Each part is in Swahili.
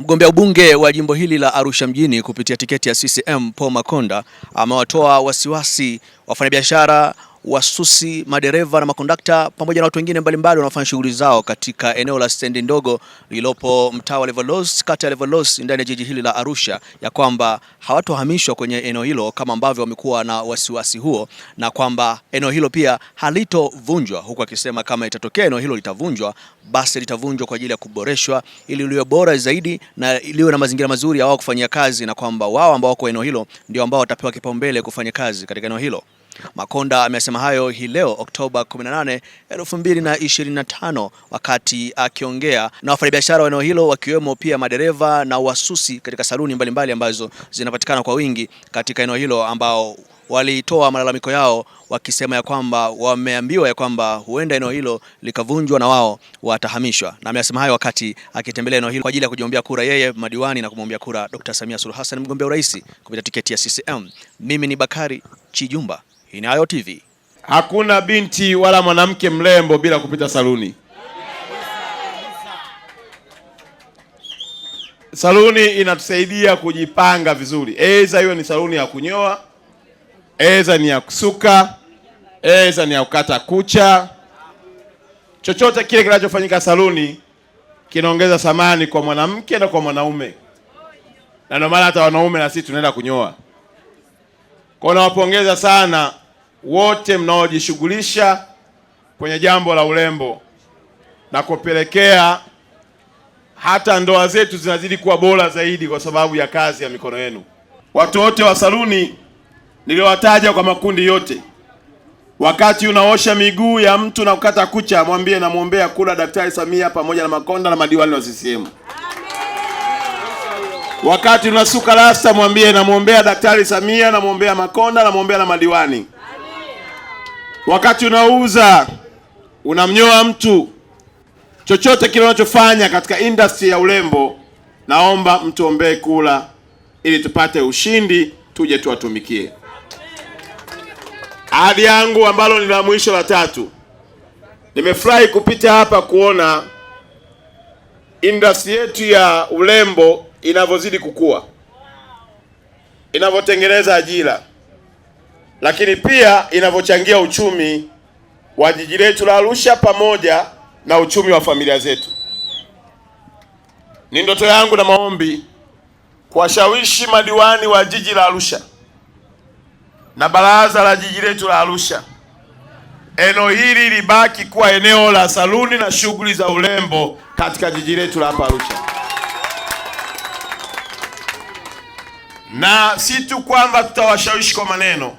Mgombea ubunge wa jimbo hili la Arusha mjini kupitia tiketi ya CCM Paul Makonda amewatoa wasiwasi wafanyabiashara wasusi, madereva na makondakta pamoja na watu wengine mbalimbali wanaofanya shughuli zao katika eneo la stendi ndogo lililopo mtaa wa Levolos, kata ya Levolos ndani ya jiji hili la Arusha, ya kwamba hawatohamishwa kwenye eneo hilo kama ambavyo wamekuwa na wasiwasi huo, na kwamba eneo hilo pia halitovunjwa, huku akisema kama itatokea eneo hilo litavunjwa, basi litavunjwa kwa ajili ya kuboreshwa ili liwe bora zaidi na liwe na mazingira mazuri ya wao kufanyia kazi, na kwamba wao ambao wako eneo hilo ndio ambao watapewa kipaumbele kufanya kazi katika eneo hilo. Makonda amesema hayo hii leo Oktoba 18, 2025 wakati akiongea na wafanyabiashara wa eneo hilo wakiwemo pia madereva na wasusi katika saluni mbalimbali mbali ambazo zinapatikana kwa wingi katika eneo hilo ambao walitoa malalamiko yao wakisema ya kwamba wameambiwa ya kwamba huenda eneo hilo likavunjwa na wao watahamishwa. Na amesema hayo wakati akitembelea eneo hilo kwa ajili ya kujiombea kura yeye, madiwani na kumwombea kura Dr. Samia Suluhu Hassan, mgombea urais kupitia tiketi ya CCM. Mimi ni Bakari Chijumba. Inayo TV. Hakuna binti wala mwanamke mrembo bila kupita saluni. Saluni inatusaidia kujipanga vizuri, eza hiyo ni saluni ya kunyoa, eza ni ya kusuka, eza ni ya kukata kucha. Chochote kile kinachofanyika saluni kinaongeza thamani kwa mwanamke na kwa mwanaume, na ndio maana hata wanaume na sisi tunaenda kunyoa. Kwa nawapongeza sana wote mnaojishughulisha kwenye jambo la urembo na kupelekea hata ndoa zetu zinazidi kuwa bora zaidi kwa sababu ya kazi ya mikono yenu. Watu wote wa saluni niliowataja kwa makundi yote, wakati unaosha miguu ya mtu na kukata kucha, mwambie namwombea kula Daktari Samia pamoja na Makonda na madiwani wa CCM. Wakati unasuka rasta, mwambie namwombea Daktari Samia, namwombea Makonda, namwombea na madiwani. Wakati unauza unamnyoa mtu, chochote kile unachofanya katika industry ya urembo, naomba mtuombee kula ili tupate ushindi, tuje tuwatumikie. Ahadi yangu ambalo ni la mwisho la tatu, nimefurahi kupita hapa kuona industry yetu ya urembo inavyozidi kukua, inavyotengeneza ajira, lakini pia inavyochangia uchumi wa jiji letu la Arusha pamoja na uchumi wa familia zetu. Ni ndoto yangu na maombi kuwashawishi madiwani wa jiji la Arusha na baraza la jiji letu la Arusha, eneo hili libaki kuwa eneo la saluni na shughuli za urembo katika jiji letu la hapa Arusha. na si tu kwamba tutawashawishi kwa maneno,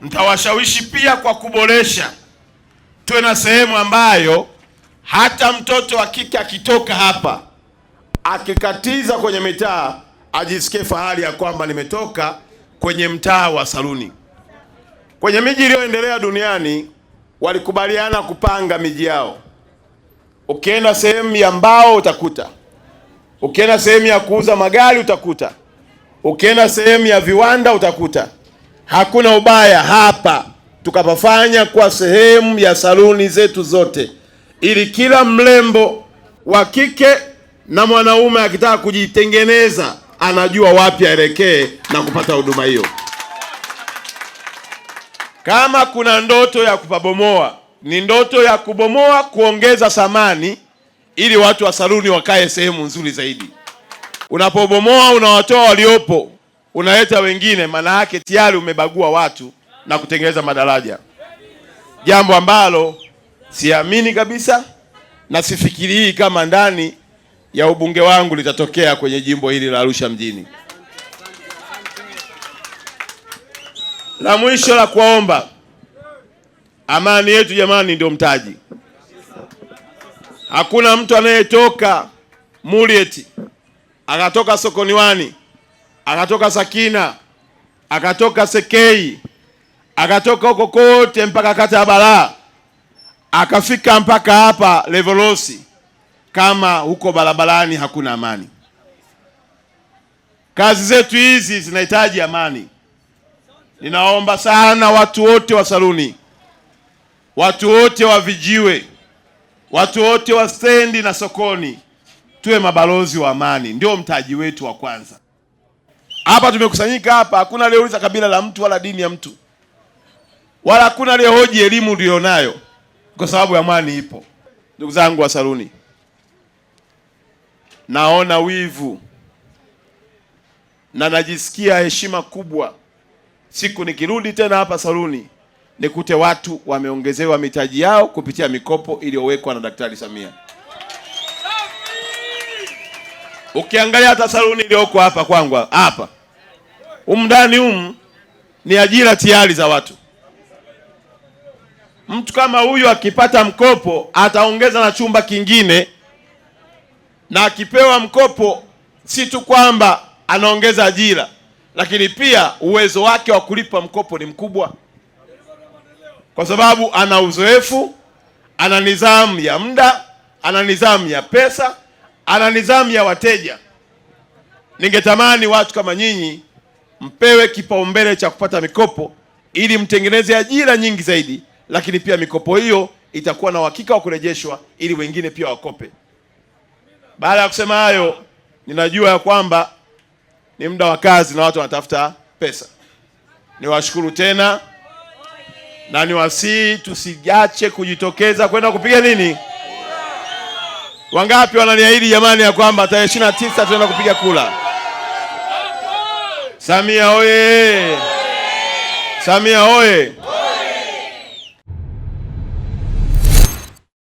mtawashawishi pia kwa kuboresha. Tuwe na sehemu ambayo hata mtoto wa kike akitoka hapa akikatiza kwenye mitaa ajisikie fahari ya kwamba nimetoka kwenye mtaa wa saluni. Kwenye miji iliyoendelea duniani walikubaliana kupanga miji yao. Ukienda sehemu ya mbao utakuta, ukienda sehemu ya kuuza magari utakuta Ukienda sehemu ya viwanda utakuta hakuna ubaya hapa tukapafanya kwa sehemu ya saluni zetu zote, ili kila mrembo wa kike na mwanaume akitaka kujitengeneza anajua wapi aelekee na kupata huduma hiyo. Kama kuna ndoto ya kupabomoa, ni ndoto ya kubomoa, kuongeza thamani ili watu wa saluni wakae sehemu nzuri zaidi. Unapobomoa unawatoa waliopo, unaleta wengine, maana yake tayari umebagua watu na kutengeneza madaraja, jambo ambalo siamini kabisa na sifikirii kama ndani ya ubunge wangu litatokea kwenye jimbo hili la Arusha mjini. La mwisho la kuwaomba, amani yetu jamani ndio mtaji. Hakuna mtu anayetoka Murieti akatoka Sokoniwani, akatoka Sakina, akatoka Sekei, akatoka huko kote mpaka kata ya Balaa, akafika mpaka hapa Levolosi. Kama huko barabarani hakuna amani, kazi zetu hizi zinahitaji amani. Ninaomba sana watu wote wa Saluni, watu wote wa Vijiwe, watu wote wa stendi na sokoni tuwe mabalozi wa amani, ndio mtaji wetu wa kwanza. Hapa tumekusanyika hapa, hakuna aliyeuliza kabila la mtu wala dini ya mtu, wala hakuna aliyehoji elimu ulionayo, kwa sababu amani ipo. Ndugu zangu wa Saluni, naona wivu na najisikia heshima kubwa siku nikirudi tena hapa Saluni nikute watu wameongezewa mitaji yao kupitia mikopo iliyowekwa na Daktari Samia. Ukiangalia hata saluni iliyoko hapa kwangu hapa umndani humu ni ajira tayari za watu. Mtu kama huyu akipata mkopo ataongeza na chumba kingine, na akipewa mkopo si tu kwamba anaongeza ajira, lakini pia uwezo wake wa kulipa mkopo ni mkubwa, kwa sababu ana uzoefu, ana nidhamu ya muda, ana nidhamu ya pesa ana nidhamu ya wateja. Ningetamani watu kama nyinyi mpewe kipaumbele cha kupata mikopo ili mtengeneze ajira nyingi zaidi, lakini pia mikopo hiyo itakuwa na uhakika wa kurejeshwa ili wengine pia wakope. Baada ya kusema hayo, ninajua ya kwamba ni muda wa kazi na watu wanatafuta pesa. Niwashukuru tena na niwasihi tusijache kujitokeza kwenda kupiga nini Wangapi wananiahidi jamani, ya kwamba tarehe ishirini na tisa kupiga kula? Samia oye! Samia oye!